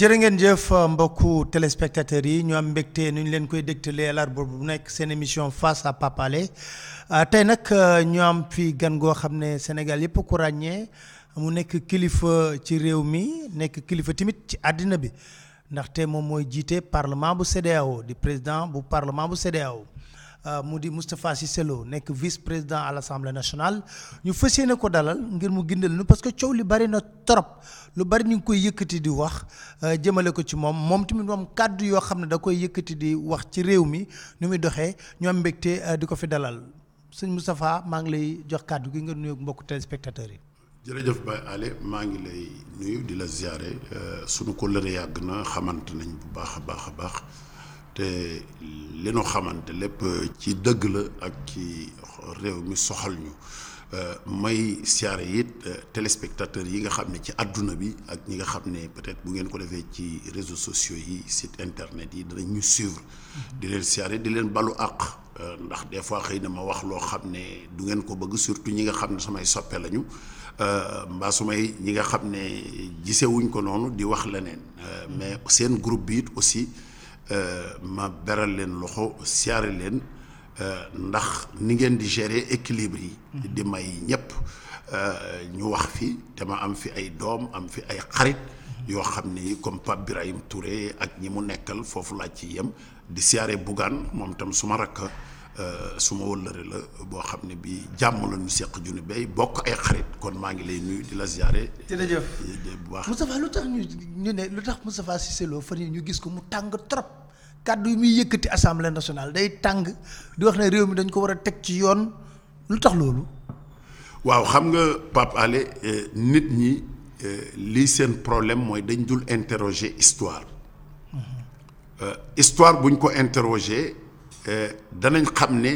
jërë ngeen jëf mbokku téléspectateurs ñu am mbégte ñu leen koy dégtalee bu émission face à Papale. Ah, nous ah, ñu am fi gan goo Sénégal yépp ku ràññee mu nekk kilifa ci réew mi nekk kilifa timit ci àddina bi ndaxte moom mooy jiite parlement bu président bu parlement bu Euh, mu di Moustapha Cissé selo nekk vice président à l' assemblée nationale ñu fas ne ko dalal ngir mu gindal nu parce que coow li bari na trop lu bari ñu ngi koy yëkkati di wax euh, jëmale ko ci moom moom tamit moom kàddu yoo xam ne da koy yëkkati di wax ci réew mi nu muy doxee ñu am mbégte euh, di ko fi dalal sëñ Moustapha maa ngi lay jox kàddu gi nga nuyu mbokku téléspectateurs yi. jërëjëf Baye Ale maa ngi lay nuyu di la ziare sunu ko lëre yàgg na xamante nañ bu baax a baax a te li nu xamante lépp ci dëgg la ak ci réew mi soxal ñu euh, may siyaare it euh, téléspectateurs yi nga xam ne ci àdduna bi ak ñi nga xam ne peut-être bu ngeen ko defee ci réseau sociaux yi site internet yi danañ ñu suivre mm-hmm. di leen siyaare di leen balu àq euh, ndax des fois xëy na ma wax loo xam ne du ngeen ko bëgg surtout ñi nga xam ne samay soppe lañu mbaa su may ñi nga xam ne gisewuñ ko noonu di wax leneen mm-hmm. mais seen groupe bi it aussi ma beral leen loxo siyaare leen ndax ni ngeen di gérer équilibre yi di may ñëpp ñu wax fi te ma am fi ay doom am fi ay xarit yoo xam ni comme Pape Birahim Touré ak ñi mu nekkal foofu laaj ci yem di siyaare Bougane moom tam suma rakk Euh, su ma wëllëre la boo xam ne bi jàmm la ñu seq junni bay bokk ay xarit kon maa ngi lay nuyu di la ziare. jërëjëf bu baax Moustapha lu tax ñu ne lu tax Moustapha Cissé Lo fan yi ñu gis ko mu tàng trop kàddu yi muy yëkkati assemblée nationale day tàng di wax ne réew mi dañ ko war a teg ci yoon lu tax loolu. waaw xam nga Pape Alé euh, nit ñi euh, li seen problème mooy dañ dul interroger histoire. Mhm. histoire buñ ko interroger. Eh, danañ xam ne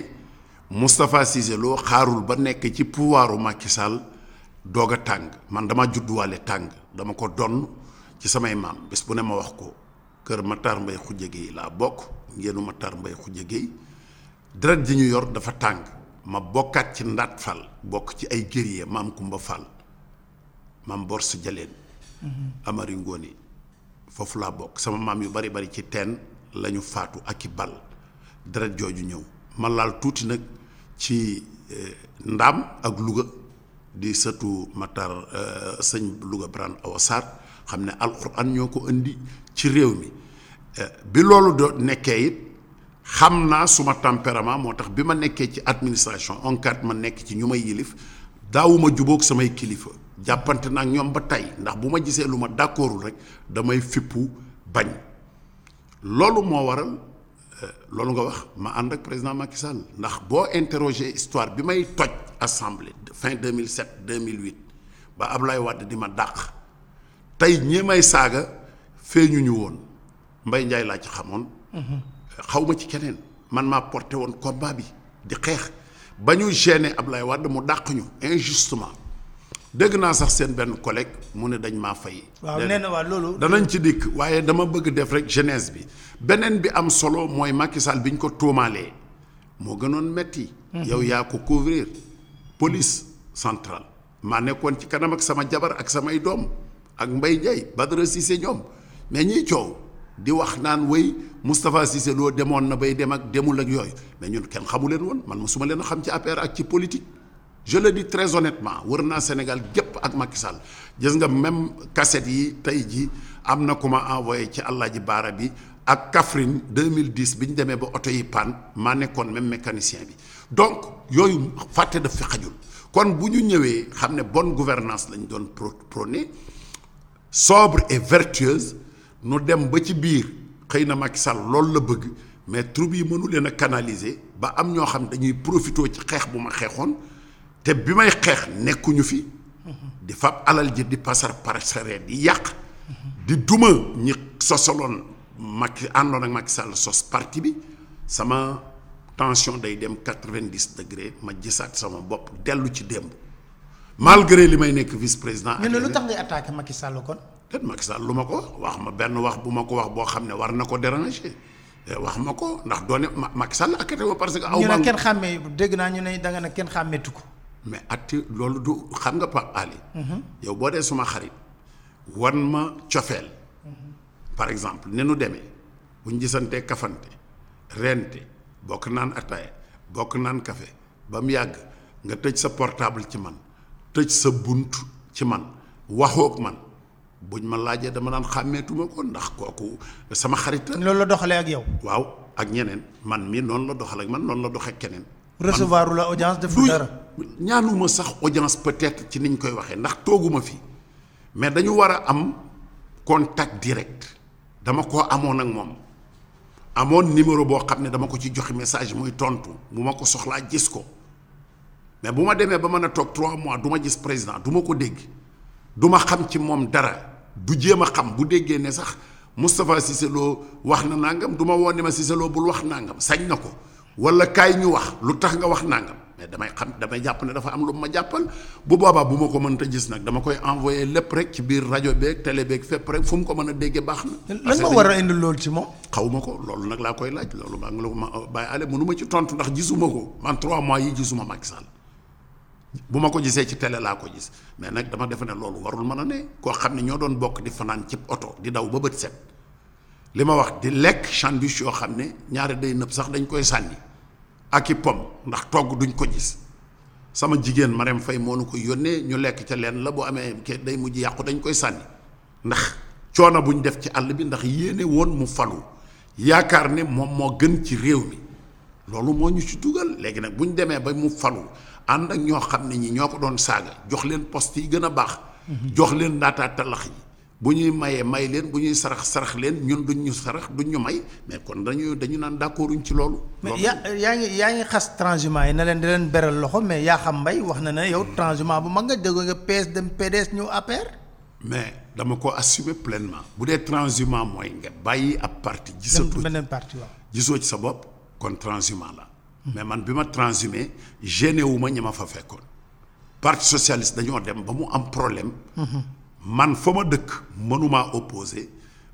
Moustapha Cissé Lo xaarul ba nekk ci pouvoiru Macky Sall a tàng man dama judduwaale tàng dama ko donn ci samay maam bés bu ne ma wax ko kër Matar Mbaye Khoudia Gueye laa bokk ngeenu Matar Mbaye Khoudia Gueye deret ji ñu yor dafa tàng ma bokkaat ci ndaat Fall bokk ci ay guerrier maam Kumba Fall maam Bors Jaleen mhm. Amari Ngoone foofu laa bokk sama maam yu bari bari ci teen lañu faatu ak i bal deret jooju ñëw ma laal tuuti nag ci eh, ndaam ak Louga di sëtu Matar eh, sëñ Louga Birane Awa Sarr xam ne alxuraan ñoo ko indi ci réew mi eh, bi loolu doo nekkee it xam naa suma temperament moo tax bi ma nekkee ci administration ONCAD ma nekk ci ñu may yilif daawuma jubook samay kilifa jàppante naa ñoom ba tey ndax bu ma gisee lu ma d'accordul rek damay fippu bañ loolu moo waral loolu nga wax ma président Macky Sall ndax boo interroger histoire bi de toj assemblée fin 2007 2008 ba Ablaye Wade di ma dàq tey ñi may saaga feeñu ñu woon Mbaye Ndiaye laa ci mhm. ma ci keneen man maa combat Ablaye mu injustement. dégg naa sax seen benn collègue mu ne dañ maa fay. waaw na waaw loolu. danañ ci dikk waaye dama bëgg def rek jeunesse bi beneen bi am solo mooy Macky Sall bi ñu ko tuumaalee moo gënoon metti mhm. yow yaa ko couvrir police centrale. maa nekkoon ci kanam ak sama jabar ak samay doom ak Mbaye Ndiaye Badara Cissé ñoom mais ñuy coow di wax naan wéy Moustapha Cissé loo demoon na bay dem ak demul ak yooyu mais ñun kenn xamu leen woon man suma leen a xam ci APR ak ci politique. je le dis très honnêtement wër Sénégal gep ak Macky Sall gis nga même cassette yi tay ji amna kuma envoyé ci Alaaji Baara bi ak Kaffrine 2010 bi démé ba auto yi panne maa même mécanicien bi donc yooyu faté de fi xajul kon buñu ñëwé xamné bonne gouvernance lañ doon prôné sobre et vertueuse nu dem ba ci biir xeyna Macky Sall loolu la bëgg mais troupe yi mënu leen a canaliser ba am ño xam dañuy profito ci xex buma xexone te bi may xeex nekkuñu fi di fab alal ji di pasar pasare di yàq di duma ñi sosaloon Macky àndoon ak Macky Sall sos parti bi sama tension day dem quatre-vingt-dix degre ma gisaat sama bopp dellu ci démb malgré li may nekk vice président. mais lu tax ngay attaqué Macky Sall kon. déet Macky lu ma ko wax ma benn wax bu ma ko wax boo xam ne war na ko déranger eh, wax ma ko ndax doone Macky Sall akate ma parce que. aw ma ñu dégg naa ñu ne danga ne kenn xàmmeetu ko. mais atti loolu du xam nga Pape Ali yow boo dee suma xarit wan ma cofeel par exemple ni nu bu buñ gisantee kafante rente bokk naan ataaya bokk naan kafe ba mu yàgg nga tëj sa portable ci man tëj sa bunt ci man waxook man buñ ma laajee dama naan xàmmeetuma ko ndax kooku sama xarit la. loolu la doxalee ak yow. waaw ak ñeneen man mii noonu la doxalee ak man noonu la doxee keneen. recevoir la audience def dara ma sax audience peut-être ci niñ koy waxee ndax tooguma fi mais dañu war a am contact direct dama ko amoon ak moom amoon numéro boo xam ne dama ko ci joxe message muy tontu bu ma ko soxlaa gis ko mais bu ma demee ba mën a toog trois mois du ma gis président du ko dégg du ma xam ci moom dara du jéem a xam bu déggee ne sax Moustapha Cissé Lo wax na nangam du ma woo ne ma Cissé bul wax nangam sañ na ko wala kaay ñu wax lu tax nga wax nàngam mais damay xam damay jàpp ne dafa am lu ma jàppal bu boobaa bu ma ko mënta gis nag dama koy envoyé lépp rek ci biir rajo beeg télé beeg fépp rek fu mu ko mën a déggee baax na. lan ma war a indi loolu ci moom. xaw ma ko loolu nag laa koy laaj loolu maa ngi la ma bàyyi ale mënu ma ci tontu ndax gisuma ko man trois mois yi gisuma mag Sall bu ma ko gisee ci tele laa ko gis mais nag dama defe ne loolu warul mën a ne koo xam ne ñoo doon bokk di fanaan ci di daw ba bët set li ma wax di lekk sandwich yoo xam ne ñaari day nëb sax dañ koy sànni. ak i pom ndax togg duñ ko gis sama jigéen Marème fay moo nu ko yónnee ñu lekk ca leen la bu amee ke day mujj yàqu dañ koy sànni ndax coono buñ def ci àll bi ndax yéene woon mu falu yaakaar ne moom moo gën ci réew mi loolu moo ñu ci dugal léegi nag bu demee ba mu falu ànd ak ñoo xam ne ñi ñoo ko doon saaga jox leen post yi gën a baax mhm. jox leen ndaataa talax yi bu ñuy mayee may leen bu ñuy sarax sarax leen ñun duñ ñu sarax duñ ñu may mais kon dañu dañu naan d'accorduñ ci loolu. mais yaa yaa ngi yaa ngi xas transhumant yi na leen di leen beral loxo mais yaa xam mbay wax na ne yow transhumant bu mag nga déggoo nga PS dem PDS ñëw APR. mais dama ko assumer pleinement bu dee transhumant mooy nga bàyyi ab parti. gisatu beneen parti waaw gisoo ci sa bopp kon transhumant la. mais man bi ma transhumé gêné wu ma ñi ma fa fekkoon. parti socialiste dañoo dem ba mu am problème man fa ma dëkk mënumaa opposé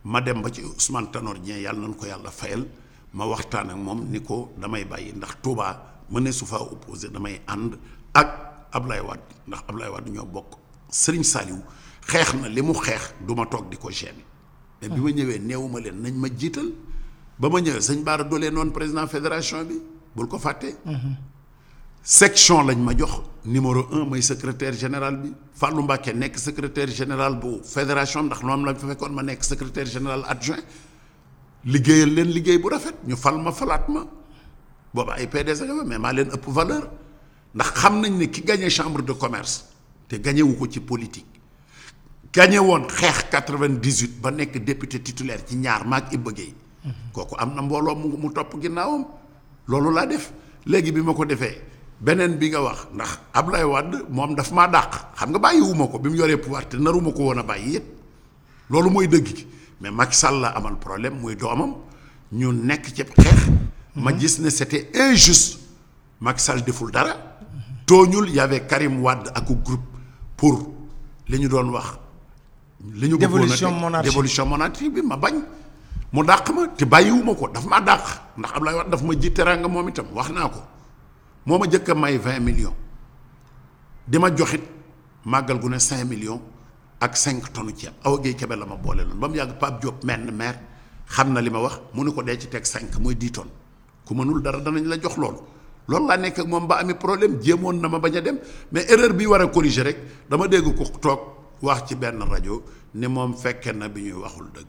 ma dem ba ci Ousmane Tanor Dieng yàlla nañ ko yalla fayal ma waxtaan ak moom ni ko damay bàyyi ndax Touba ma ne su faa opposé damay ànd ak Ablaye Wade ndax Ablaye Wade ñoo bokk Serigne Saliou xeex na li mu xeex du ma toog di ko gêner mais bi ma ñëwee neewuma leen nañ ma jiital ba ma ñëwee sëñ Bara Dolé noon président fédération bi bul ko fàtte mhm section lañ ma jox numéro 1 mooy secrétaire général bi Fallou Mbacké nekk secrétaire général bu fédération ndax moom la fa fekkoon ma nekk secrétaire général adjoint liggéeyal leen liggéey bu rafet ñu fal ma falaat ma booba ay PDS nga mais maa leen ëpp valeur ndax xam nañ ne ki gagné chambre de commerce te gagné wu ko ci politique gagné woon xeex 98 ba nekk député titulaire ci ñaar maag Ibba Guèye mhm. kooku am na mbooloo mu mu topp ginnaawam loolu laa def léegi bi ma ko defee benen bi nga wax ndax Ablaye Wade moom daf ma dàq xam nga bàyyiwuma ko bi yoree pouvoir te naruma ko woon a bàyyi yëpp loolu mooy gi mais Macky Sall amal problème muy doomam ñu nekk ci xex ma gis ne c'était injuste Macky Sall deful dara. toñul y avait Karim wad ak groupe pour liñu doon wax. li ñu dévolution monarchie dévolution monarchie bi ma bañ. mu dàq ma te bàyyiwuma ko daf ma dàq ndax Ablaye wad daf ma jitté teraanga moom itam wax nako moo ma njëkk a may vingt million di ma joxit màggal gu ne cinq million ak cinq tonnes ceeb awa géey kebe la ma boole loon ba mu yàgg Pape Diop menn maire xam na li ma wax mu ne ko dee ci teg cinq mooy dix tonnes ku mënul dara danañ la jox loolu loolu laa nekk moom ba amee problème jéemoon na ma bañ a dem mais erreur bi war a corriger rek dama dégg ko toog wax ci benn rajo ni moom fekke na bi ñuy waxul dëgg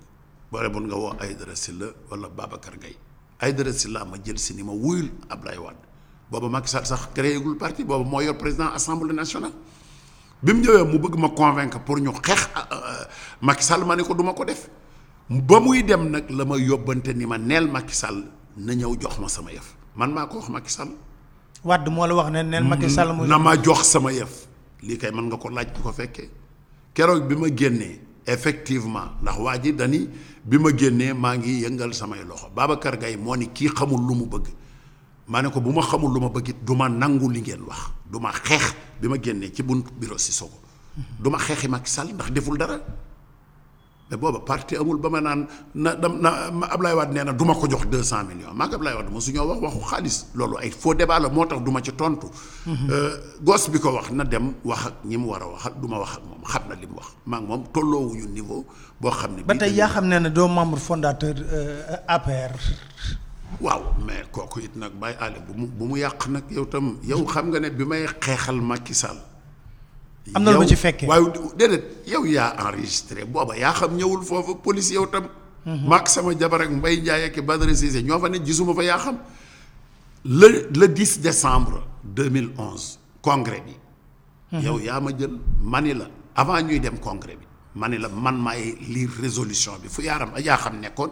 bare bon nga woo ay Sylla wala Babacar Gaye Aïdara Sylla ma jël si ni ma wuyul Ablaye Wade booba Macky Sall sax créé gul parti booba moo yor président assemblée nationale bi mu ñëwee mu bëgg ma convaincre pour ñu xeex euh, euh, Macky Sall ma ne ko duma ko def ba muy dem ma ni ma Macky Sall na ñëw jox ma sama man ma ko wax Macky Sall. wadd moo la wax ne neel Macky mm-hmm. Sall muy. na ma jox sama yëf lii kay mën nga ko laaj ko ma effectivement ndax dani bi ma mangi yengal ngi yëngal samay loxo Babacar Gaye moo ni kii xamul lu mu bëgg. maa ne ko bu ma xamul lu ma bëgg it du ma nangu li ngeen wax du ma xeex bi ma génnee ci bunt bureau Sissoko du ma xeexi mag sal ndax deful dara mais booba parti amul ba ma naan na dam na Ablaye Wade nee na duma ko jox deux cent millions maa ngi Ablaye Wade mosu ñoo wax waxu xaalis loolu ay faux débat moo tax du ci tontu. Euh, gos bi ko wax na dem wax ak ñi mu war a wax ak du ma wax ak moom xam na li mu wax maa ngi moom tolloowuñu niveau boo xam ne. ba tey yaa xam ne ne doo membre fondateur euh, APR. waaw mais kooku it nag bàyyi àll bu mu bu mu yàq nag yow tam yow xam nga ne bi may xeexal Macky Sall. am na lu ma ci fekkee waaye déedéet yow yaa enregistré booba yaa xam ñëwul foofu police yow tam. maak sama jabar ak Mbaye Ndiaye ak Badara Cissé ñoo fa ne gisuma fa yaa xam. le le 10 décembre 2011 congrès bi. yow yaa ma jël mani la avant ñuy dem congrès bi mani la man maay lire résolution bi fu yaaram yaa xam nekkoon.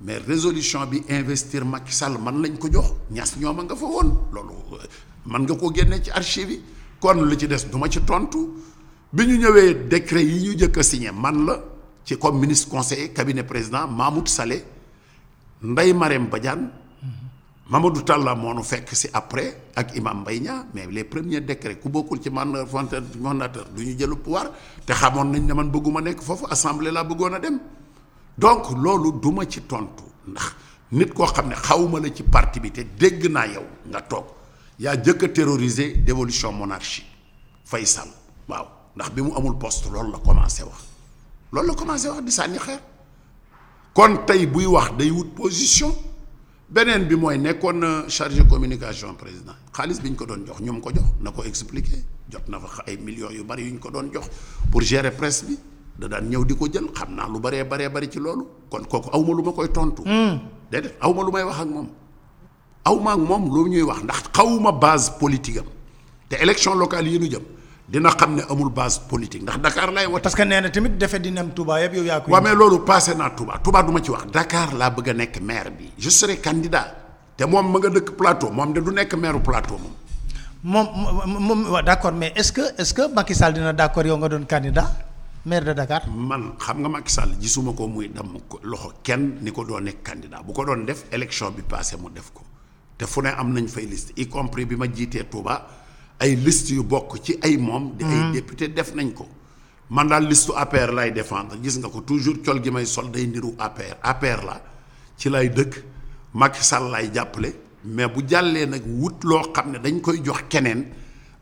mais résolution bi investir Macky Sall man lañ ko jox ñass ñoma nga fa woon lolu euh, man nga Nous ci décret yi ñu signé man la comme ministre conseiller cabinet président Mahmoud Saleh Ndeye Marème Badiane mm-hmm. Mamadou Talla après ak imam mais les premiers décrets ku ci pouvoir ne man bëgguma donc loolu du ma ci tontu ndax nit koo xam ne xawuma la ci parti bi te dégg naa yow nga dévolution monarchie fay waaw ndax bi amul poste loolu la commencé wax loolu la commencé wax di sànni xeer kon tey buy wax day position beneen bi mooy nekkoon chargé communication président xaalis biñ ko doon jox ñu ko jox na expliquer jot na ay millions yu bari ko doon jox pour gérer presse da daan ñëw di ko jël xam naa lu baree baree bari ci loolu kon kooku awma lu ma koy tontu. Hmm. déedéet awma lu may wax ak moom. awma ak moom lu ñuy wax ndax xawma base politique am te élection local yi ñu jëm dina xam ne amul base politique ndax Dakar lay wote. parce que nee na tamit defe dina am Touba yëpp yow yaa koy. waaw mais loolu passé naa Touba Touba du ma ci wax Dakar laa bëgg a nekk maire bi je serai candidat te moom ma nga dëkk plateau moom de du nekk maire plateau moom. moom que est-ce que Macky Sall dina maire de Dakar. man xam nga Macky Sall gisuma ko muy damm loxo kenn ni ko doon nekk candidat bu ko doon def élection bi passé mu def ko te fu ne am nañ fay list y compris bi ma jiitee Touba ay liste yu bokk ci ay moom. Mm. di ay député def nañ ko. man daal listu APR lay défendre gis nga ko toujours col gi may sol day niru APR APR la ci lay dëkk Macky Sall lay jàppale mais bu jàllee nag wut loo xam ne dañ koy jox keneen.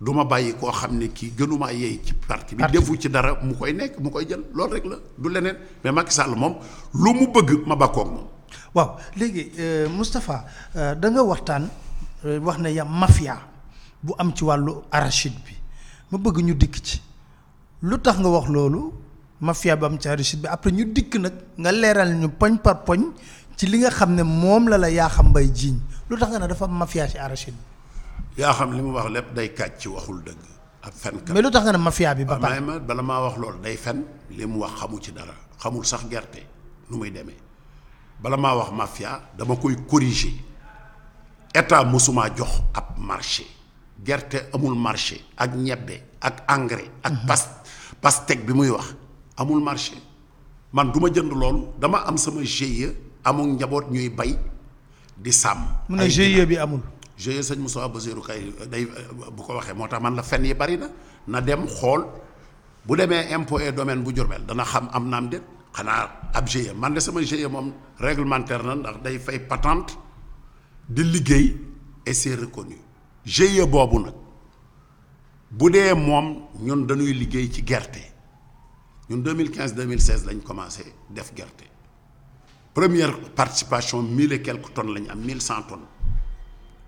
du ma bàyyi koo xam ne kii gënuma yey ci parti bi defu ci dara mu koy nekk mu koy jël loolu rek la du leneen mais Macky moom lu mu bëgg ma bàkkoog moom waaw léegi euh, Moustapha euh, da nga waxtaan euh, wax na ya mafia bu am ci wàllu arachide bi ma bëgg ñu dikk ci lu tax nga wax loolu mafia bu am bi après ñu dikk nag nga leeral ñu poñ par poñ ci li nga xam ne moom la la yaa xam mbay jiiñ lu tax nga ne dafa am mafia ci arachide bi yaa xam li mu wax lépp day ci waxul dëgg ab fenkat mais lu tax nga ne mafia bi ba pare ma bala maa wax loolu day fen li mu wax xamu ci dara xamul sax gerte lu muy demee bala maa wax mafia dama koy corriger état mësuma jox ab marché gerte amul marché ak ñebbe ak engrais ak mhm. pas pastèque bi muy wax amul marché man du jënd loolu dama am sama GIE amul njaboot ñuy bay di sàmm mu ne e bi amul suis sëñ Moussa Basirou kay day bu ko je suis man la fenn yi bari na dem bu impôt et domaine bu dana xam am nam man de sama réglementaire ndax day fay patente et c'est reconnu bobu nak bu mom ñun dañuy fait ci ñun 2015 2016 lañ commencé def La première participation 1000 et quelques tonnes lañ am tonnes.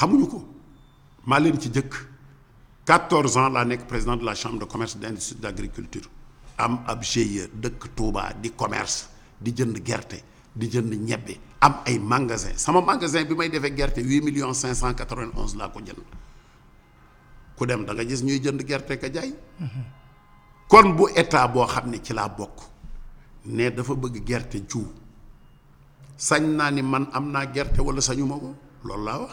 xamuñu ko maa leen ci jëkk 14 ans la nekk président de la chambre de commerce d'industrie d'agriculture am ab GIE dëkk Touba di commerce di jënd gerte di jënd ñebbe am ay magasin sama magasin bi may defee gerte 8 millions 591 laa ko jënd ku dem da nga gis ñuy jënd gerte ka jaay kon bu état boo xam ne ci laa bokk ne dafa bëgg gerte jiw sañ naa ni man am naa gerte wala sañu ma ko loolu laa wax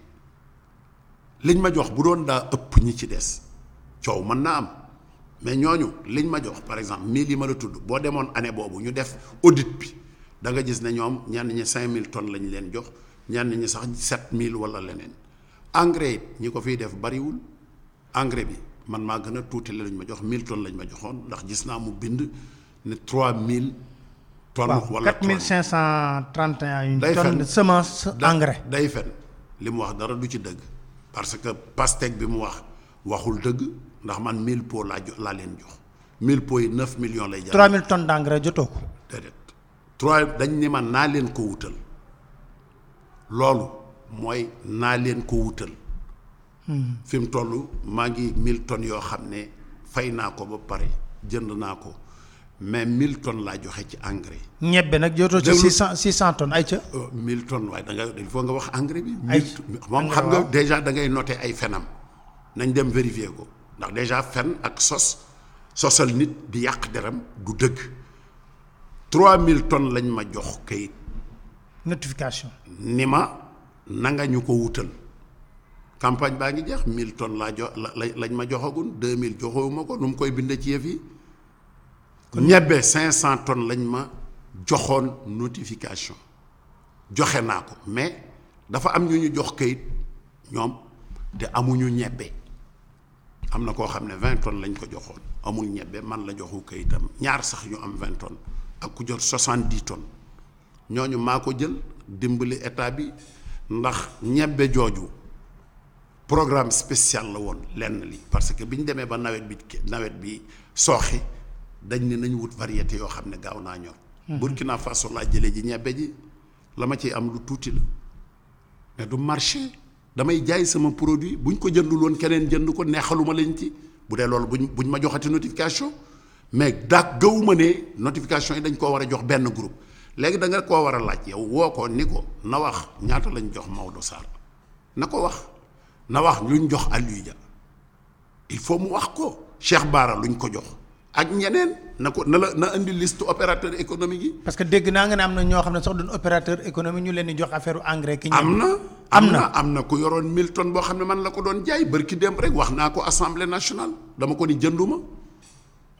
liñ ma jox bu doon daa ëpp ñi ci des coow mën naa am mais ñooñu liñ ma jox par exemple mille yi ma la tudd boo demoon année boobu ñu def audit bi da nga gis ne ñoom ñenn ñi cinq mille tonnes lañu leen jox ñenn ñi sax sept mille wala leneen engrais it ñi ko fiy def bariwul engrais bi man maa gën a tuuti la lañ ma jox mille tonnes lañ ma joxoon ndax gis naa mu bind ne trois mille tonnes wala quatre mille cinq cent trente et un tonnes semence engrais day fen li mu wax dara du ci dëgg parce que pastèque bi mu wax waxul dëgg ndax man 1000 pots laa jox laa leen jox 1000 pots yi 9 millions lay jar. 3000 tonnes d'engrais jotoo ko. déedéet 3 dañ ni man naa leen ko wutal loolu mooy naa leen ko wutal. Hmm. fi mu toll maa ngi 1000 tonnes yoo xam ne fay naa ko ba pare jënd naa ko. mais mille tonnes laa joxe ci engrais. ñebbe nag jotoo ci 600 600 tonnes ay ca. Euh, mille tonnes waaye da nga il faut nga wax engrais bi. moom xam nga déjà da ngay noter ay fenam nañ dem vérifier ko ndax déjà fen ak sos sosal nit di yàq deram du dëgg mille tonnes lañ ma jox kayit. notification. ni ma na ñu ko wutal. campagne baa ngi jeex mille tonnes laa jox la lañ ma joxagum 2000 joxewuma ko nu mu koy bindee ci yëf yi. ñebe cent tonnes lañ ma joxoon notification joxe naa ko mais dafa am ñu ñu jox kayit ñoom te amuñu ñebe am na koo xam ne 20 tonnes lañ ko joxoon amul ñebe man la joxu kayitam ñaar sax ñu am 20 tonnes ak ku jot 70 tonnes ñooñu maa ko jël dimbali état bi ndax ñebe jooju programme spécial la woon lenn li parce que bi ñu demee ba nawet bi nawet bi sooxi dañ ne nañu wut variété yoo xam ne gaaw naa ñor burkina faso laa jële ji ñebbe ji la ma ciy am lu tuuti la mais du marché damay jaay sama produit buñ ko jëndul woon keneen jënd ko neexaluma leen ci bu dee loolu buñ buñ ma joxati notification mais daak gëwuma ne notification yi dañ koo war a jox benn groupe léegi da nga koo war a laaj yow woo ko ni ko na wax ñaata lañ jox Maodo na ko wax na wax luñ jox il faut mu wax ko Cheikh luñ ko jox ak ñeneen na ko na la na indi liste opérateur économique yi. parce que dégg naa nga ne am na ñoo xam ne sax duñ opérateur économique ñu leen jox affaire engrais. ki am na am na am na ku yoroon 1000 tonnes boo xam ne man la ko doon jaay bërki démb rek wax naa ko assemblée nationale dama ko ni jënduma.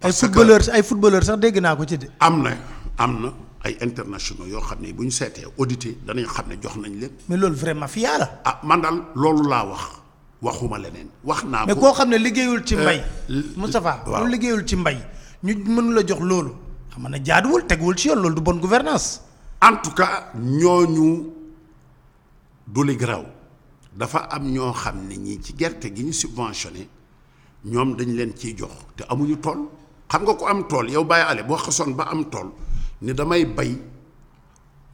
ay footballeur ay footballeur sax dégg naa ko ci de. am na am na. ay internationaux yoo xam ne bu ñu seetee audité danañ xam ne jox nañ leen. mais loolu vraiment mafia la. ah man daal loolu laa wax. waxuma leneen wax naa ko mais koo xam ne liggéeyul ci euh, mbay Moustapha waaw lu liggéeyul ci mbay ñu mënu la jox loolu xam ne jaaduwul teguwul ci yoon loolu du bon gouvernance en tout cas ñooñu du li dafa am ñoo xam ne ñi ci gerte gi ñu subventionné ñoom dañ leen ciy jox te amuñu tool xam nga ko am tool yow bàyyi ale boo xasoon ba am tool ni damay bay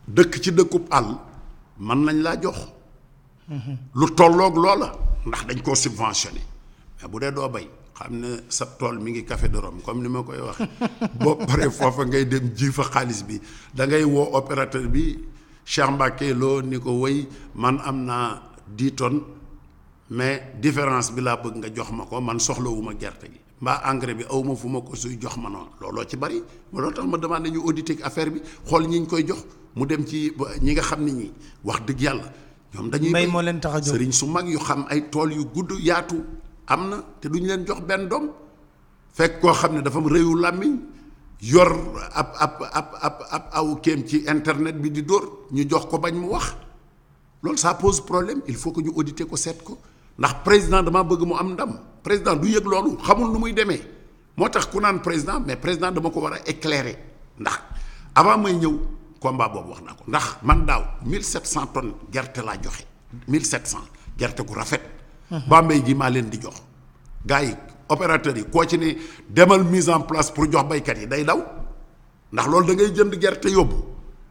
dëkk ci dëkkub àll mën nañ laa jox mhm. lu tolloog loola ndax dañ koo subventionné mais bu dee doo bay xam ne sa tool mi ngi café de Rome comme ni ma koy wax boo paree foofa ngay dem ji fa xaalis bi da ngay woo opérateur bi Cheikh Mbacké loo ni ko woy man am naa dix mais différence bi laa bëgg nga jox ma ko man soxlawuma gerte gi mbaa engrais bi awma fu ma ko suy jox ma noonu looloo ci bari ma loolu tax ma demandé ñu auditer affaire bi xool ñi ñu koy jox mu dem ci ñi nga xam ne ñi wax dëgg yàlla ñoom dañuy des leen tax a mag yu xam ay tool yu gudd yaatu am te duñ leen jox benn doom fekk koo xam dafa làmmiñ yor ci internet bi di dóor ñu jox ko bañ mu wax loolu ça pose problème il faut que ñu auditer ko seet ko ndax président dama bëgg mu am ndam président du yëg loolu xamul nu muy demee moo ku naan président mais président dama ko war éclairer ndax avant may combat boobu wax naa ko ndax man daaw cent tonnes gerte laa joxe mille 1700 gerte gu rafet. Bambey gi maa leen di jox. gars yi opérateurs yi koo ci ni demal mise en place pour jox baykat yi day daw ndax loolu da ngay jënd gerte yóbbu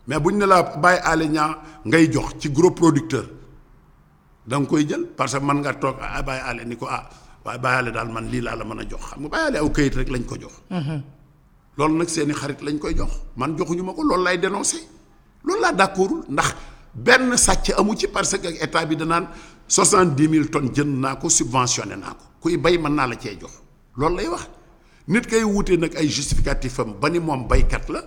mais buñ ne laa bàyyi aale ñaa ngay jox ci gros producteur da koy jël parce que man nga toog ah bàyyi aale ni ko ah waaye bàyyi aale daal man lii laa la mën a jox xam nga bàyyi aale aw kayit rek lañ ko jox. Mhm. loolu nag seeni xarit lañ koy jox man joxuñu ma ko loolu lay dénoncé lool laa d'accordul ndax benn sàcc amu ci parce que ak état bi danaan soixante-dix mille tonnes jën naa ko subventionné naa ko kuy bay mën naa la cee jox loolu lay wax nit kay wutee nag ay justificatif am ba ni moom baykat la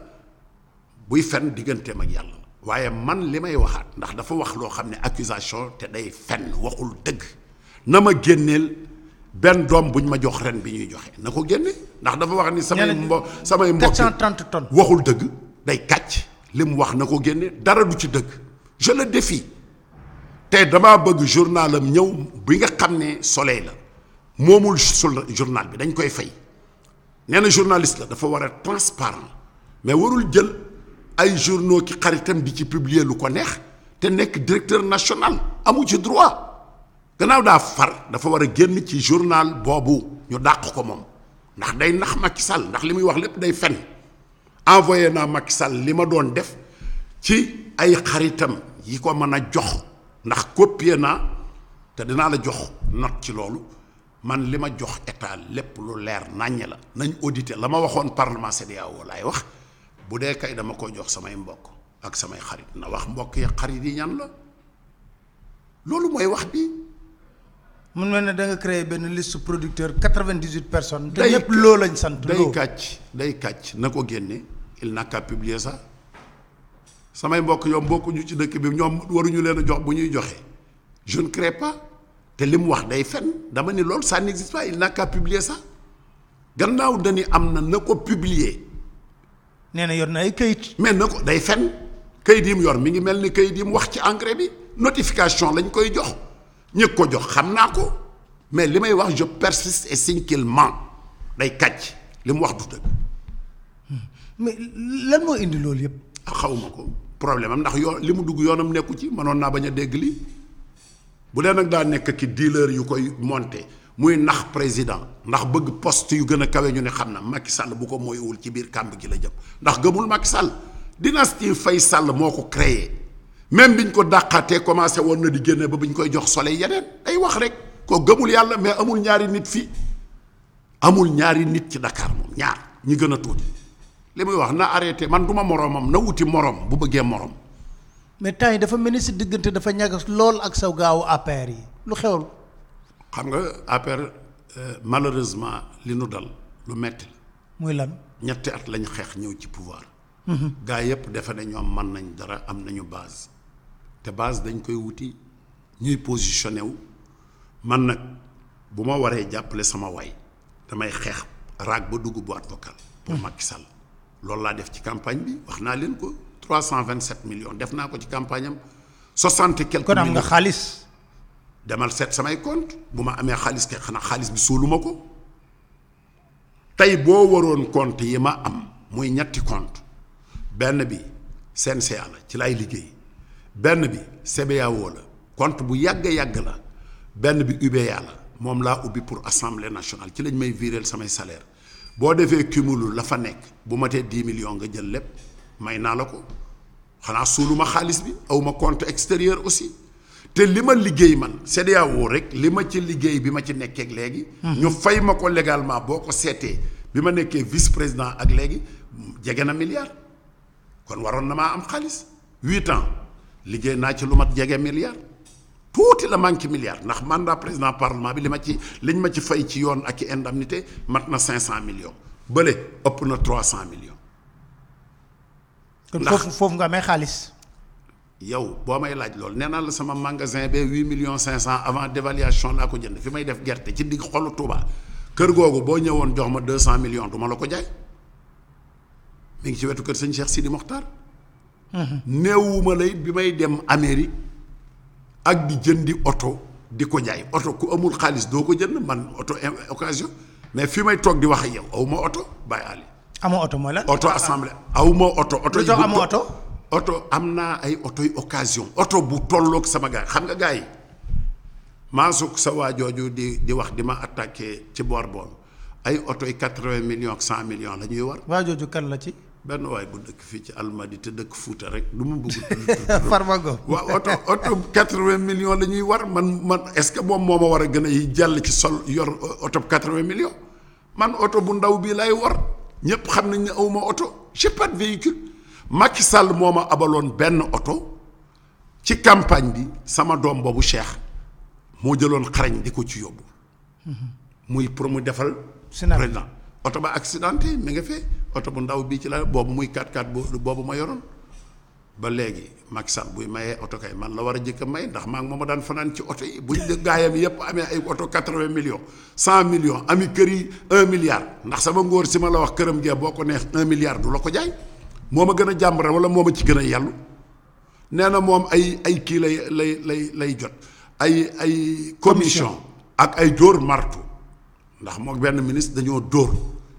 buy fen digganteem ak yàlla waaye man li may waxaat ndax dafa wax loo xam ne accusation te day fen waxul dëgg na ma génneel ben dom buñ ma jox ren bi ñuy joxe nako ko ndax dafa wax ni samay mbo samay mbokk 430 tonnes waxul deug day katch li wax nako ko dara du ci deug je le défie té dama bëgg journalam ñëw bi nga xamné soleil la moomul journal bi dañ koy fay néna journaliste la dafa wara transparent mais warul jël ay journaux ki xaritam di ci publier lu ko neex té nek directeur national amu ci droit gannaaw daa far dafa war a génn ci journal boobu ñu dàq ko moom ndax day nax Macky Sall ndax li muy wax lépp day fen envoyé naa Macky Sall li ma doon def ci ay xaritam yi ko mën a jox ndax copier naa te dinaa la jox not ci loolu man li ma jox état lépp lu leer nañ la nañ audité la ma waxoon parlement CEDEAO laay wax bu dee kay dama ko jox samay mbokk ak samay xarit na wax mbokk ya xarit yi ñan la loolu mooy wax bi mën mel da nga créer benn liste producteur 98 personnes. te ñëpp loo lañ sant loo day kàcc day kàcc na ko génne il n'a qu'à publier ça samay mbokk yow bokkuñu ci dëkk bi ñoom waruñu leen a jox bu ñuy joxe je ne crée pas te lim wax day fenn dama ni loolu ça n'existe pas il n'a qu'à publier ça gannaaw dañu am na na ko publier. nee na yor na ay kayit. mais na ko day fenn kayit yi mu yor mi ngi mel ni kayit yi mu wax ci engrais bi notification lañ koy jox. ñëg ko jox xam naa ko mais li may wax je persiste et signe qu'il day kàcc li mu wax du dëgg. mais lan moo indi loolu yëpp. Ah, xawma ko problème am ndax yoo li mu dugg yoonam nekku ci manoon naa bañ a dégg lii bu dee nag daa nekk ki dealer yu koy monte muy nax président ndax bëgg poste yu gën a kawe ñu ne xam na Macky Sall bu ko mooywul ci biir kàmb gi la jëm ndax gëmul Macky Sall dynastie Faye Sall moo ko créer même biñ ko dakaté commencé won na di génné ba biñ koy jox soleil yenen day wax rek ko gëmul yalla mais amul ñaari nit fi amul ñaari nit ci Dakar mom ñaar ñi gëna wax na arrêté man duma moromam na wuti morom bu bëggé morom. mais tay dafa melni ci digënté dafa ñag lool ak saw gaaw apère yi lu xewul xam nga APR euh, malheureusement li nu dal lu metti muy lan ñetti at lañ xex ñew ci pouvoir. Mhm. gaay yépp defe ne ñoom mën nañ dara am nañu base. te base dañ koy wuti ñuy positionné wu man nag bu ma waree jàppale sama waay damay xeex rag ba dugg bu vocal pour hmm. Macky Sall loolu laa def ci campagne bi wax naa leen ko 327 millions def naa ko ci campagne am 60 quelque. kon am nga xaalis. demal seet samay compte bu ma amee xaalis kay xanaa xaalis bi suuluma ko tey boo waroon compte yi ma am muy ñetti compte benn bi seen CNCA la ci lay liggéey. benn bi CBAO la compte bu yàgg yàgg la benn bi UBA la moom laa ubbi pour assemblée nationale ci lañ may viréel samay salaire boo defee cumul la fa nekk bu matee dix million nga jël lépp may naa la ko xanaa suuluma xaalis bi aw ma compte extérieur aussi te li ma liggéey man CEDEAO rek li ma ci liggéey bi ma ci nekkee léegi. Hmm. ñu fay ma ko légalement boo ko seetee bi ma nekkee vice président ak léegi jege na milliard kon waroon na maa am xaalis huit liggéey naa ci lu mat jege milliard tuuti la manque milliard ndax mandat président parlement bi li ma ci liñ ma ci fay ci yoon ak indemnité mat na 500 millions bële ëpp na 300 millions. kon foofu nga may xaalis. yow boo may laaj loolu nee naa la sama magasin bee 8 millions 500 avant dévaluation laa ko jënd fi may def gerte ci digg xolu Touba kër googu boo ñëwoon jox ma 200 millions du ma la ko jaay mi ngi ci wetu kër sëñ Cheikh Sidi Mokhtar. newuma la bi may dem Amérique ak di jëndi oto di ko jaay oto ku amul xaalis doo ko jënd man oto occasion mais fi may toog di wax ak yow awuma oto bàyyi àll. amoo oto oto assemblée awuma oto. oto yi amoo oto. oto am naa ay oto yu occasion oto bu tolloog sama gaay xam nga gars yi maa suk sa waa jooju di di wax di ma attaqué ci boor bool ay oto y quatre-vingts millions ak cent millions la ñuy war. waa jooju kan la ci. benn waay bu dëkk fii ci Almadi te dëkk Fuuta rek du mu bëgg. Farmago waaw oto oto quatre-vingts millions la ñuy war man man est-ce que moom moo ma war a gën a jàll ci sol yor euh, oto quatre-vingts millions man oto bu ndaw bii lay war ñëpp xam nañ ne awma oto j'ai pas de véhicule Macky Sall moo ma abaloon benn oto ci campagne bi sama doom boobu Cheikh moo jëloon xarañ di ko ci yóbbu. Mhm. muy pour mu defal. président oto ba accidenté mi nga fee. oto bu ndaw bii ci la boobu muy 4x4 boobu boobu ma yoroon ba léegi Macky Sall buy mayee oto kay man la war a jëkk a may ndax maa ngi ma daan fanaan ci oto yi buñ gaayam yépp amee ay oto 80 millions 100 millions ami kër yi 1 milliard ndax sama ngóor si ma la wax këram gee boo ko neex 1 milliard du la ko jaay moo ma gën a jàmbara wala moo ma ci gën a yàllu nee na moom ay ay kii lay lay lay lay jot ay ay commission ak ay dóor martu ndax moo benn ministre dañoo dóor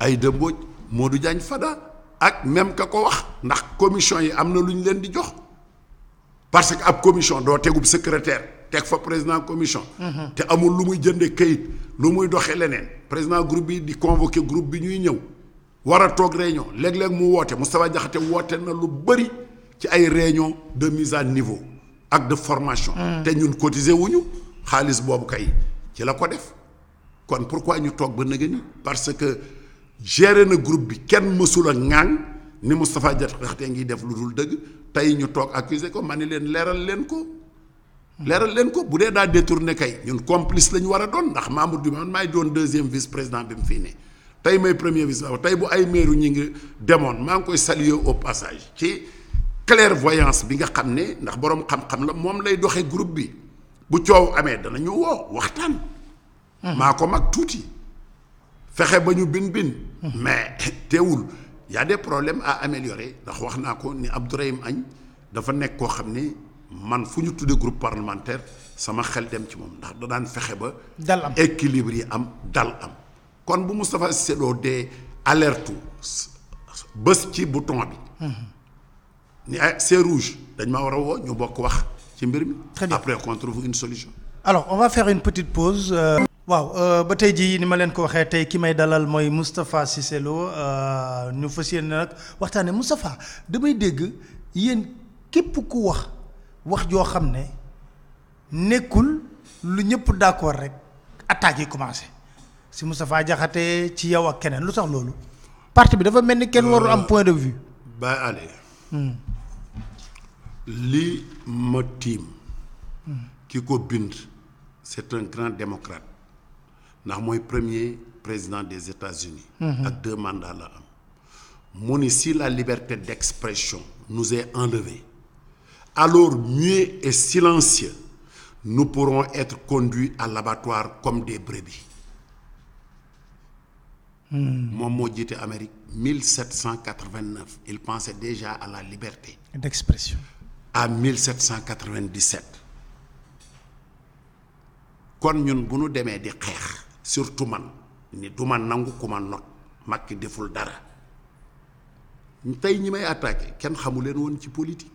Aïda Mbodj Modou Diagne Fada ak même ka ko wax ndax commission yi am na lu ñu leen di jox parce que ab commission doo tegub secrétaire teg fa président commission mhm. te amul lu muy jënde kayit lu muy doxe leneen président groupe bi di convoquer groupe bi ñuy ñëw war a toog réunion léeg-léeg mu woote Moustapha Diakhaté woote na lu bëri ci ay réunion de mise à niveau ak de formation mhm. te ñun cotiser wuñu xaalis boobu kay ci la ko def kon pourquoi ñu toog ba nëgë ni parce que géré na groupe bi kenn mësul a ŋaaŋ ni Moustapha xaxte ngi def lu dul dëgg tey ñu toog accusé ko ma ni leen leeral leen ko leeral leen ko bu dee daa détourné kay ñun complice la ñu war a doon ndax Mamour Diouf may maay doon deuxième vice président bi mu fii ne tey may premier vice tey bu ay maire ñi ngi demoon maa ngi koy saluer au passage ci clairvoyance bi nga xam ne ndax borom xam-xam la moom lay doxee groupe bi bu coow amee danañu woo waxtaan hmm. maa ko mag tuuti fexe ba ñu bin bin mais il y a des problèmes à améliorer ndax wax naa ko ni Abdourahim Agne dafa nekk koo xam ni man fu ñu tuddee groupe parlementaire sama xel dem ci moom ndax da daan fexe ba. dal am équilibre yi am dal am. kon bu Moustapha Cissé dee alerte bés ci bouton bi. ni ay eh, c'est rouge dañ maa war a woo ñu bokk wax ci mbir mi. après on trouve une solution. alors on va faire une petite pause. Euh... waaw euh, ba tey jii ni ma leen ko waxee tey ki may dalal mooy Mustafa siselo Lo euh, ñu fas ne nag waxtaane Moustapha damay dégg yéen képp ku wax wax joo xam ne nekkul lu ñëpp d' accord rek attaque yi commencé si Mustafa Diakhaté ci yow ak keneen lu tax loolu parti bi dafa mel ni kenn warul am euh, point de vue bay ale hmm. li ma tiim hmm. ki ko bind un grand démocrate ndax le premier président des États-Unis à mhm. deux mandats la si la liberté d'expression nous est enlevée alors muets et silencieux nous pourrons être conduits à l'abattoir comme des brebis mot dit à Amérique 1789 il pensait déjà à la liberté d'expression à 1797 kon ñun bu surtout man ni duma nangu kuma not makki deful dara tay ñi may attaquer ken xamu len won ci politique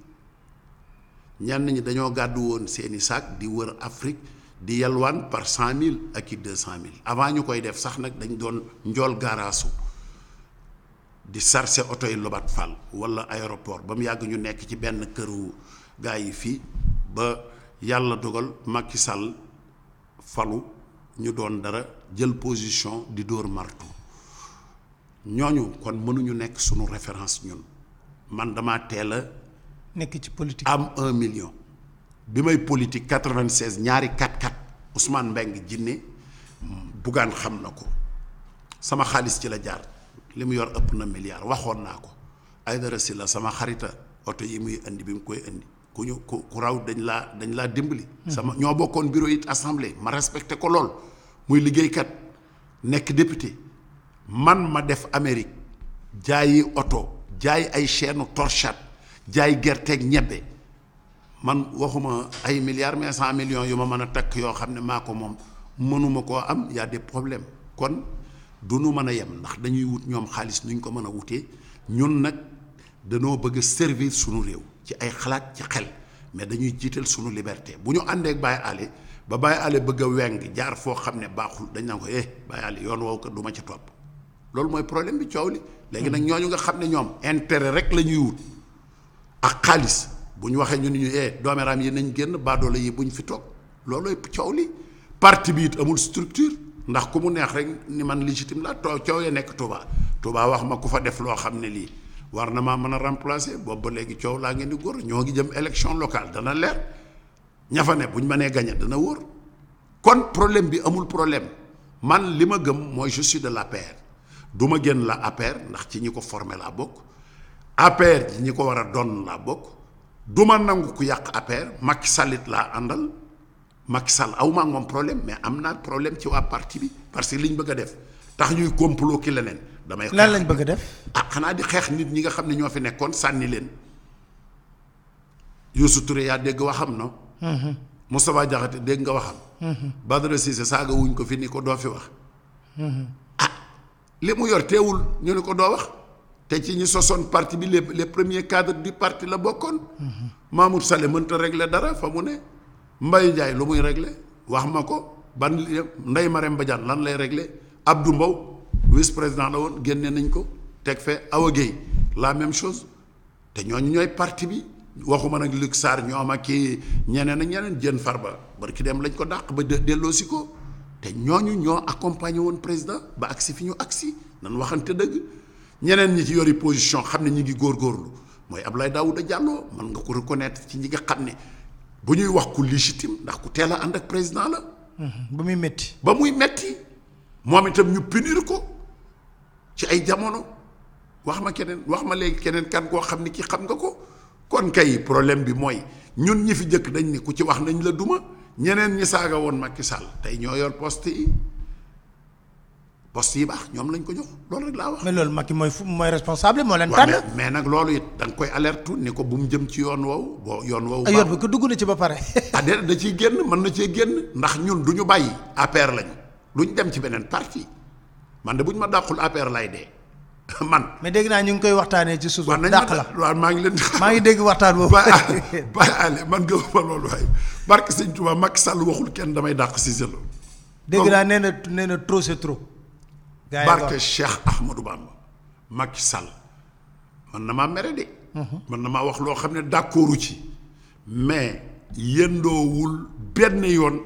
ñan ñi dañu gaddu won seeni sac di wër afrique di yalwan par 100000 ak 200000 avant ñu koy def sax nak dañ doon njool gaaraasu di sarse auto yi lobat fal wala aéroport bam yag ñu nekk ci benn keuru gaay fi ba yalla dogal Macky Sall falu ñu doon dara jël position di dóor marto ñooñu kon mënuñu nekk suñu référence ñun man dama teel nekk ci politique am un million bi may politique 96 ñaari 4-4 Ousmane Mbeng Djiné Bougane xam na sama xaalis ci la jaar li mu yor ëpp na milliard waxoon naa ko Aïdara Sylla sama xarita oto yi muy andi bi mu koy andi ku ñu ku ku raw dañ laa dañ laa dimbali. sama ñoo bokkoon bureau it assemblée ma respecté ko lool muy liggéeykat nekk député man ma def Amérique jaayi oto jaay ay chaîne torchat jaay gerteeg ñebbe man waxuma ay milliards mais cent millions yu ma mën a takk yoo xam ne maa ko moom mënuma koo am y a des kon du nu mën a yem ndax dañuy wut ñoom xaalis nuñ ko mën a wutee ñun nag danoo bëgg servir sunu réew. ci ay xalaat ci xel mais dañuy jiital sunu liberté bu ñu àndeek ak Baye ba Baye Ali bëgg a weng jaar foo xam ne baaxul dañ naan ko eh Baye Ali yoon woowu ko du ma ci topp loolu mooy problème bi coow li. léegi nag ñooñu nga xam ne ñoom intérêt rek la ñuy wut ak xaalis bu ñu waxee ñu ne ñu eh doomeraam yi nañ génn baadoola yi buñ fi toog loolooy coow li parti bi it amul structure. ndax ku mu neex rek ni man légitime la too coow ya nekk Touba Touba wax ku fa def loo xam ne lii warna ma maa mën a remplacer boobu ba léegi coow laa ngeen di góor ñoo ngi jëm élection locale dana leer ña fa ne buñ mënee gagné dana wóor kon problème bi amul problème man lima gem gëm mooy je suis de l'APR du ma génn la APR ndax ci ñi ko formé laa bokk APR ci ñi ko war a doon laa bokk du ma nangu ku yàq APR Macky Sallit laa àndal Macky Sall aw maa problème mais am problème ci waa parti bi parce que liñ bëgg def tax ñuy complot ki leneen damay lan lañ bëgg def ah, xanaa di xeex nit ñi nga xam ne ñoo fi nekkoon sànni leen Youssou Touré yaa dégg waxam no mm-hmm. Moustapha Diakhaté dégg nga waxam mm-hmm. Badara Cissé saaga wuñ ko fi ni ko doo fi wax mm-hmm. ah li mu yor teewul ñu ni ko doo wax te ci ñu sosoon parti bi les les premier cadres du parti la bokkoon Mahmoud Saleh mënta régler dara fa mu ne mbay Ndiaye lu muy régler wax ma ko ban Ndeye Marème Badiane lan lay régler Abdou Mbow vice président la woon génne nañ ko teg Awa Gueye la même chose te ñooñu ñooy parti bi waxuma nag Luc Sarr ñoom ak kii ñeneen ak ñeneen jën farba barki dem lañ ko dàq ba delloo si ko te ñooñu ñoo accompagné woon président ba aksi fi ñu agsi nan waxante dëgg ñeneen ñi ci yori position xam ne ñi ngi góorgóorlu mooy Ablaye Daouda Diallo man nga ko reconnaître ci ñi nga xam ne bu ñuy wax ku légitime ndax ku teel a ànd ak président la. Mmh, ba muy metti ba muy metti moom itam ñu punir ko ci ay jamono wax ma keneen wax ma léegi keneen kan koo xam ni ki xam nga ko kon kay problème bi mooy ñun ñi fi jëkk dañ ni ku ci wax nañ la duma ñeneen ñi saaga woon Macky Sall tey ñoo yor poste yi poste yi baax ñoom lañ ko jox loolu rek laa wax. mais loolu Macky mooy fu mooy responsable moo leen tànn. mais nag loolu it da nga koy alerte ni ko bu mu jëm ci yoon woowu bo yoon woowu. Ah, yoon bi ko dugg na ci ba pare. ah déedéet da ciy génn mën na cee génn ndax ñun du ñu bàyyi APR lañ duñ dem ci beneen parti man de bu ma dàqul APR lay dee man. mais dégg naa ñu ngi koy waxtaanee ci suuf. dàq la waaw maa ngi leen maa ngi dégg waxtaan boobu. ba Allé man gëw ma loolu waxul kenn damay dàq si selo dégg naa nee na nee na trop c'est trop. barke Cheikh Ahmadou Bamba Macky Sall man na maa mere de. Mhm. man na maa wax loo xam ne d'accordu ci mais yëndoowul benn yoon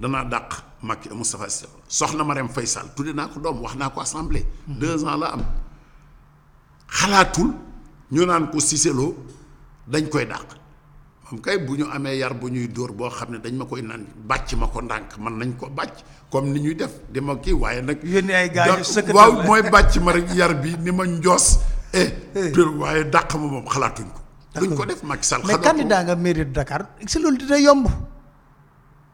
danaa dàq. Macky Moustapha Cissé soxna Marème Faye Sall tudde naa ko doom wax naa ko assemblée. Mhm. deux ans la am xalaatul ñu naan ko Cissé Lo dañ koy dàq moom kay bu ñu amee yar bu ñuy dóor boo xam ne dañ ma koy naan bàcc ma ko ndànk man nañ ko bàcc comme ni ñuy def di ma kii waaye nag. yónnee ay gars yu sëkkatal waaw mooy bàcc ma rek yar bi ni ma njoos. eh, eh. waaye dàq ma moom xalaatuñ ko. duñ ko def Macky Sall. mais candidat nga Dakar si loolu dina yomb.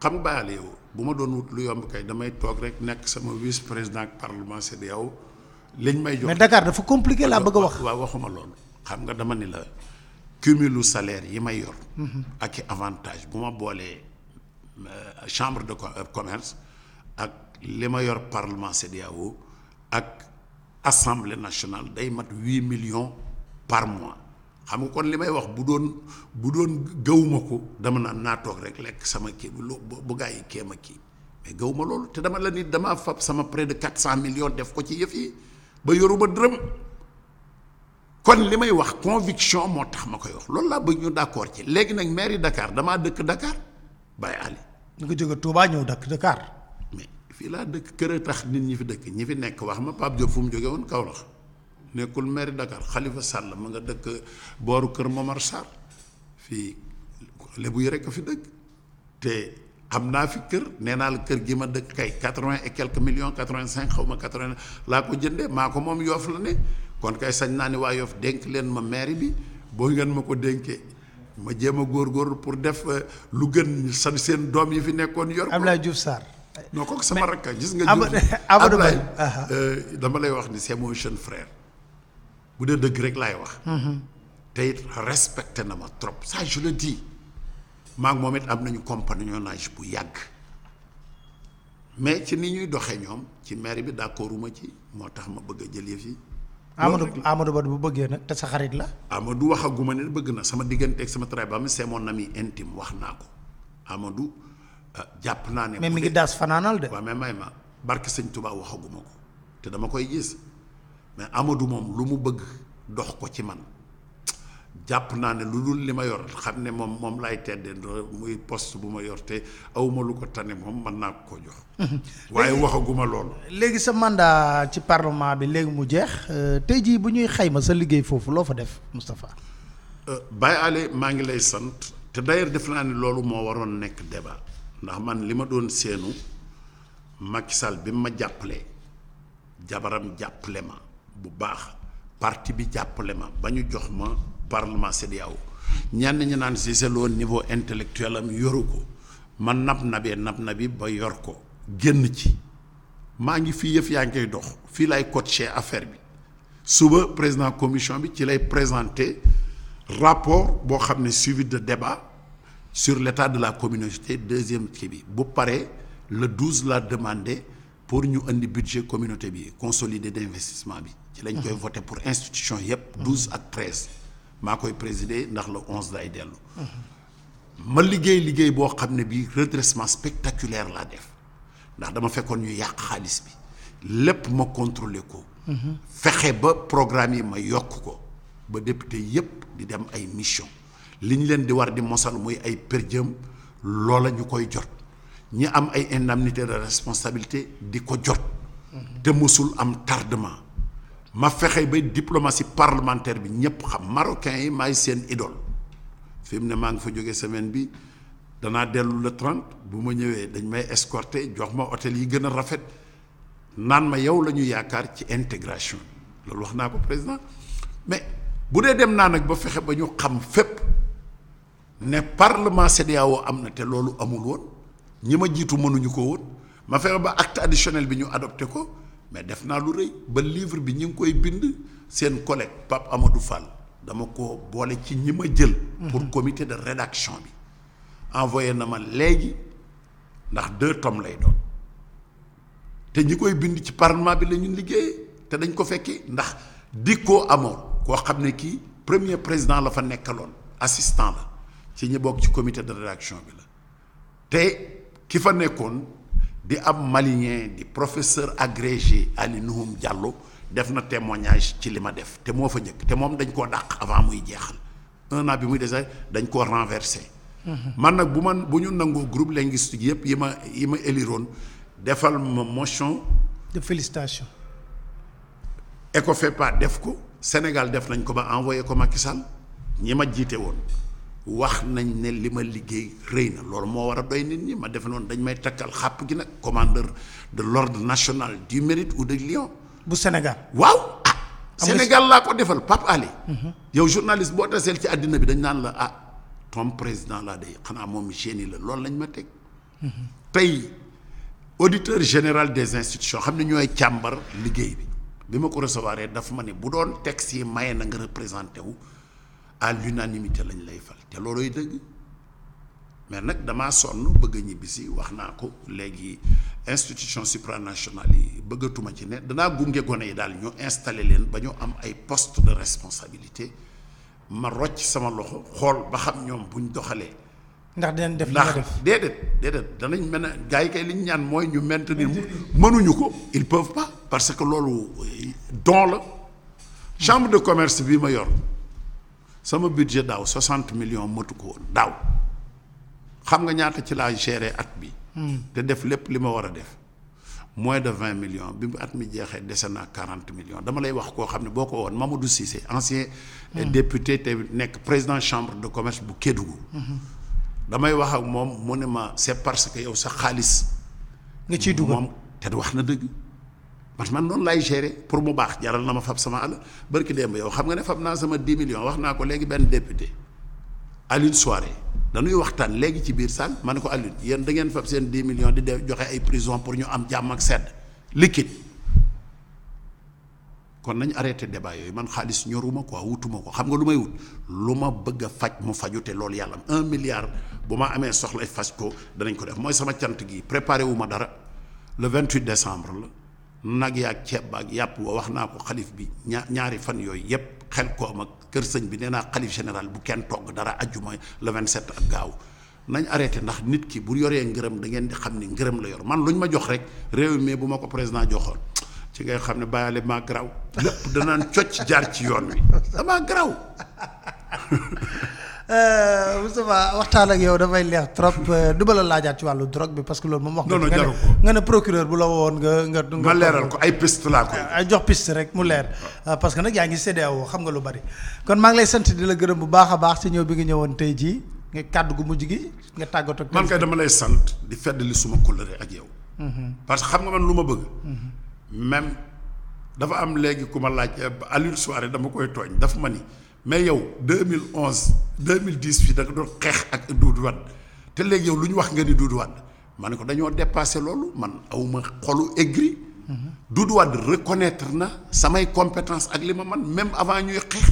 xam nga bàyyi yow. bu ma doon wut lu yomb kay damay toog rek nekk sama vice président ak parlement CDAO e e liñ may jox mais Dakar dafa compliqué la bëgg wax. wa waxuma loolu xam nga dama ni la cumulu salaire yi may yor. Mhm. ak avantage bu ma euh, chambre de euh, commerce ak li ma yor parlement CDAO e ak assemblée nationale day mat 8 millions par mois. xam nga kon li may wax bu doon bu doon gëwuma ko dama naan naa toog rek lekk sama kii bu loo bu gaa yi kéema kii mais gëwuma loolu te dama la ni damaa fab sama près de quatre cent millions def ko ci yëf yi ba yoruma dërëm kon li may wax conviction moo tax ma koy wax loolu laa bëgg ñu d'accord ci léegi nag mairie Dakar damaa dëkk Dakar Baye Ali. na ko jóge Touba ñëw dëkk Dakar. mais fii laa dëkk kër a tax nit ñi fi dëkk ñi fi nekk wax ma Pape Diop fu mu jóge woon Kaolack. nekkul maire Dakar Khalifa la ma nga dëkk booru kër Momar Sarr fii lébu yi rekk fi dëkk te xam naa fi kër nee naa la kër gi ma dëkk kay quatre-vingt et quelques millions quatre-vingt-cinq xaw ma quatre-vingt laa ko jëndee maa ko moom yoof la ne kon kay sañ naa ni waa yoof dénk leen ma maire bi boo ngeen ma ko dénkee ma jéem a góor pour def euh, lu gën sa seen doom yi fi nekkoon yor. Abdoulaye Diouf Sarr. non kooku sama rakka gis nga. am Abdoulaye euh, dama lay wax ni c'est mon jeune bu dee dëgg rek laay wax. Mm-hmm. te it respecté na ma trop ça je le dis maa ngi moom it am nañu compagnonnage bu yàgg mais ci ni ñuy doxee ñoom ci maire bi d'accorduma ci moo tax ma bëgg a jël yëf yi. Amadou Amadou Ba bu bëggee nag te sa xarit la. Amadou waxaguma ne bëgg na sama diggante tek sama travail ba mu c'est mon ami intime wax naa ko Amadou euh, jàpp naa ne. mais mi ngi daas de. waaw mais may ma barke sëñ Touba waxaguma ko te dama koy gis. mais amadu moom lu mu bëgg dox ko ci man jàpp naa ne lu dul li ma yor xam ne moom moom laay teddee muy post bu ma yor te awma lu ko tane moom man naa ko jox. waaye waxaguma loolu. léegi sa mandat ci parlement bi léegi mu jeex euh, tey jii bu ñuy xayma sa liggéey foofu loo fa def Moustapha. Euh, Baye Ali maa ngi lay sant te d'ailleurs def naa ne loolu moo waroon nekk débat ndax man li ma doon seenu Macky Sall bi ma jàppale jabaram jàppale ma. bu baax parti bi jàppale ma ba ñu jox ma parlement CDAO ñenn ñi naan Cissé Lo niveau intellectuel am yoru ko man nab nabee nab nabi ba yor ko génn ci maa ngi fii yëf yaa ngi koy dox fii lay coacher affaire bi suba président commission bi ci lay présenter rapport boo xam ne suivi de débat sur l'état de la communauté deuxième kii bi bu paree le 12 la demandé pour ñu andi budget communauté bi consolider d'investissement bi lañ voté pour institution 12 à 13. Je koy président ndax le 11 lay dellu. ma redressement spectaculaire laa def ndax dama fekkoon ñu yàq xaalis bi lépp ma contrôler ko. fexe ba programme ma député di dem ay mission war di mosal muy ay jot ñi am indemnité de responsabilité am tardement. ma fexe ba diplomatie parlementaire bi ñëpp xam marocain yi maay seen idole fi mu ne maa ngi fa jóge semaine bi danaa dellu le 30 bu ma ñëwee dañ may escorter jox ma hôtel yi gën a rafet naan ma yow la ñu yaakaar ci intégration loolu wax naa ko président mais bu dee dem naa nag ba fexe ba ñu xam fépp ne parlement CEDEAO am na te loolu amul woon ñi ma jiitu mënuñu ko woon ma fexe ba acte additionnel bi ñu adopté ko. mais def naa lu rëy ba livre bi ñu ngi koy bind seen collègue Pape Amadou Fall dama ko boole ci ñi ma jël. pour mhm. comité de rédaction bi. envoyé na ma léegi ndax deux tomes lay doon te ñi koy bind ci parlement bi la ñu liggéeyee te dañ ko fekki ndax dikkoo amoon koo xam ne kii premier président la fa nekkaloon assistant la ci ñi bokk ci comité de rédaction bi la te ki fa nekkoon. di ab malien di professeur agrégé Ali Diallo def témoignage ci li ma def te moo fa je dañ avant muy un an bi muy dañ renversé. Mhm. man nag bu man bu ñu groupe linguistique yépp yi ma yi defal motion. de félicitation. pas def ko Sénégal def nañ ko ba envoyé ko Macky wax nañ ne li ma liggéey rëy na loolu moo war a doy nit ñi ma defe noonu dañ may takkal xàpp gi nag commandeur de l'ordre national du mérite ou de Lion. bu Sénégal waaw. Ah, Sénégal laa ko defal Pape Ali. Mhm. yow journaliste boo taseel ci àddina bi dañ naan la ah ton président laa day xanaa moom génie la loolu lañ ma teg. Mhm. tey auditeur général des institutions xam ne ñooy càmbar liggéey bi bi ma ko recevoir daf ma ne bu doon texte yi maye na nga représenté wu à l'unanimité lañ lay fal té looloy dëgg mais nak dama sonn bëgg a ñibbisi wax naa ko léegi institution supranationale yi bëggatuma ci ne danaa gungé goné yi dal ñu installer leen ba ñu am ay poste de responsabilité ma rocc sama loxo xol ba xam ñom buñ doxalé ndax dinañ def ndax déedéet déedéet danañ mën a kay li ñaan moy ñu maintenir mënuñu ko ils peuvent pas parce que loolu euh, don la chambre de commerce bi ma yor sama budget daw 60 millions matu ko woon xam nga ñaata ci la gérer at bi. Hmm. te def lepp li ma def. moins de 20 millions bi at mi jexé dese 40 millions dama lay wax ko xamni boko won Mamadou Cissé ancien hmm. député te nek président chambre de commerce bu Kédougou hmm. damay wax ak mom mu c'est parce que yow sa xaalis nga ci dugal moom te wax na parce que man non lay gérer pour mu bax jaral na ma fab sama àll barki démb yow xam nga ne fab na sama 10 millions wax naa ko léegi ben député à une soirée dañuy waxtaan léegi ci biir salle ma ko Alioune yeen da ngeen fab sen 10 millions di def joxe ay prison pour ñu am jàmm ak sedd liquide kon nañ arrêté débat yoy man xaliss ñoruma quoi wutuma ko xam nga lu wut luma bëgg a faj mu faju loolu yalla am un milliard buma amé amee soxla faj ko danañ ko def moy sama tiant gi préparé wu ma dara le 28 décembre la. nag yaag ceeb baag yàpp wa wax naa ko xalif bi ñaari fan yooyu yépp xel koom ak kër sëñ bi nee naa xalif général bu kenn togg dara ajjuma le 27 ak gaaw nañ arrêté ndax nit ki bu yoree ngërëm da ngeen di xam ni ngërëm la yor man lu ñu ma jox rek réew mais bu ma ko président joxoon ci ngay xam ne bàyyale maa graw lépp danaan cocc jaar ci yoon wi damaa graw Eh, Moustapha waxtaan ak yow dafay leex trop eh, du la laajaat ci walu drogue bi parce que loolu moom wax. non jaru ko nga ne procureur bu la woon nga nga. nga leeral ko ay piste laa koy. Ah, jox piste rek mu leer ah, parce que nag yaa ngi CEDEAO xam nga lu bari kon maa ngi lay sant di la gërëm bu baax a baax ci ñëw bi nga ñëwoon tey jii nga kaddu gu mujj gi nga tàggatoo. man kay dama lay sant di feddali suma kóllëre ak yow. Mhm. parce que xam nga man lu ma bëgg. Mhm. même dafa am léegi ku ma laaj Alioune Souaré dama koy tooñ daf ma ni. mais yow 2011 2010 fi da ko doon xeex ak Doudou Wade te léegi yow lu wax nga ni Doudou Wade mané ko dañoo dépassé lolu man awuma xolu aigri Doudou Wade reconnaître na samay compétence ak lima man même avant ñuy xeex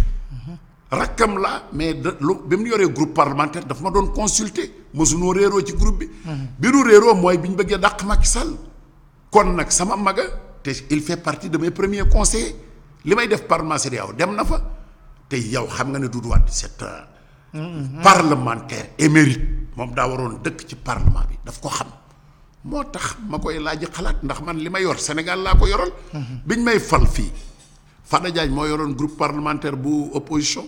rakam la mais bimu lu bi groupe parlementaire daf ma doon consulter mosunoo réro ci groupe bi bi nu réro moy bi ñu bëggee Macky Sall kon nak sama maga te il fait partie de mes premiers conseillers limay may def parlement CEDEAO dem na fa te yow xam nga ne Doudou Wade c'est un parlementaire émérite moom daa waroon dëkk ci parlement bi daf ko xam moo tax ma koy laaj xalaat ndax man li may yor Sénégal laa ko yoroon bi ñu may fal fii Fada Diagne moo yoroon groupe parlementaire bu opposition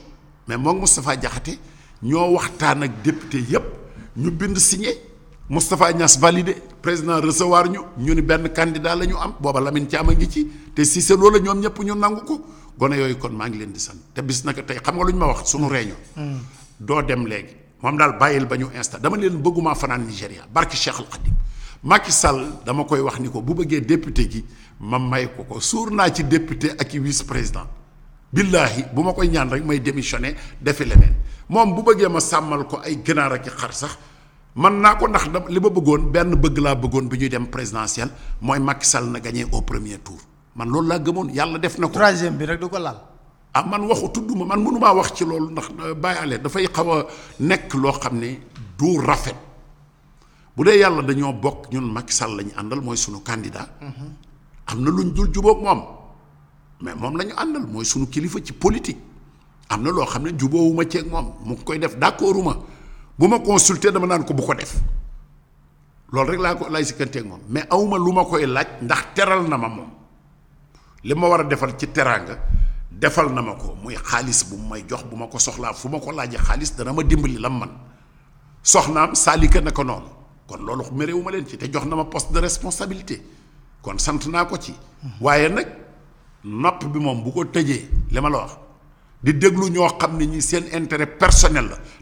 mais moom Moustapha Diakhaté ñoo waxtaan ak député yépp ñu bind signé Moustapha Niass validé président recevoir ñu ñu ni benn candidat la ñu am booba Lamine Thiam a ngi ci te si c'est loolu ñoom ñëpp ñu nangu ko gone yooyu kon maa ngi leen di sant te bis a tey xam nga lu ñu ma wax suñu réunion. doo dem léegi moom daal bàyyil ba ñu insta dama leen bëggumaa fanaan Nigéria barki Cheikh Al Khadim Macky Sall dama koy wax ni ko bu bëggee député ji ma may ko ko suur naa ci député ak i vice président billahi bu ma koy ñaan rek may démissionné defi leneen moom bu bëggee ma sàmmal ko ay ganaar ak i xar sax man naa ko ndax li ma bëggoon benn bëgg laa bëggoon bi ñuy dem présidentielle mooy Macky Sall na gagné au premier tour man loolu laa gëmoon yàlla def na ko troisième bi rek du ko laal ah man waxu ma man mënumaa wax ci loolu ndax euh, bàyyaale dafay xaw a nekk loo xam ne du rafet bu dee yàlla dañoo bokk ñun Macky Sall lañu àndal mooy sunu candidat mm-hmm. am na luñ dul jubóog moom mais moom lañu àndal mooy sunu kilifa ci politique am na loo xam ne jubóowuma ceeg moom mu ngi koy def d' accorduma bu ma consulter dama naan ko bu ko def loolu rek laa ko lay sikkanteeg moom mais awuma lu ma koy laaj ndax teral na ma moom li ma war a defal ci teraanga defal na ma ko muy xaalis bu may jox bu ma ko soxlaa fu ma ko laajee xaalis dana ma dimbali lam man soxnaam saalika na ko noonu kon loolu méréwu ma leen ci te jox na ma poste de responsabilité kon sant naa ko ci waaye nag nopp bi moom bu ko tëjee li ma la wax di déglu ñoo xam ne ñi seen intérêt personnel la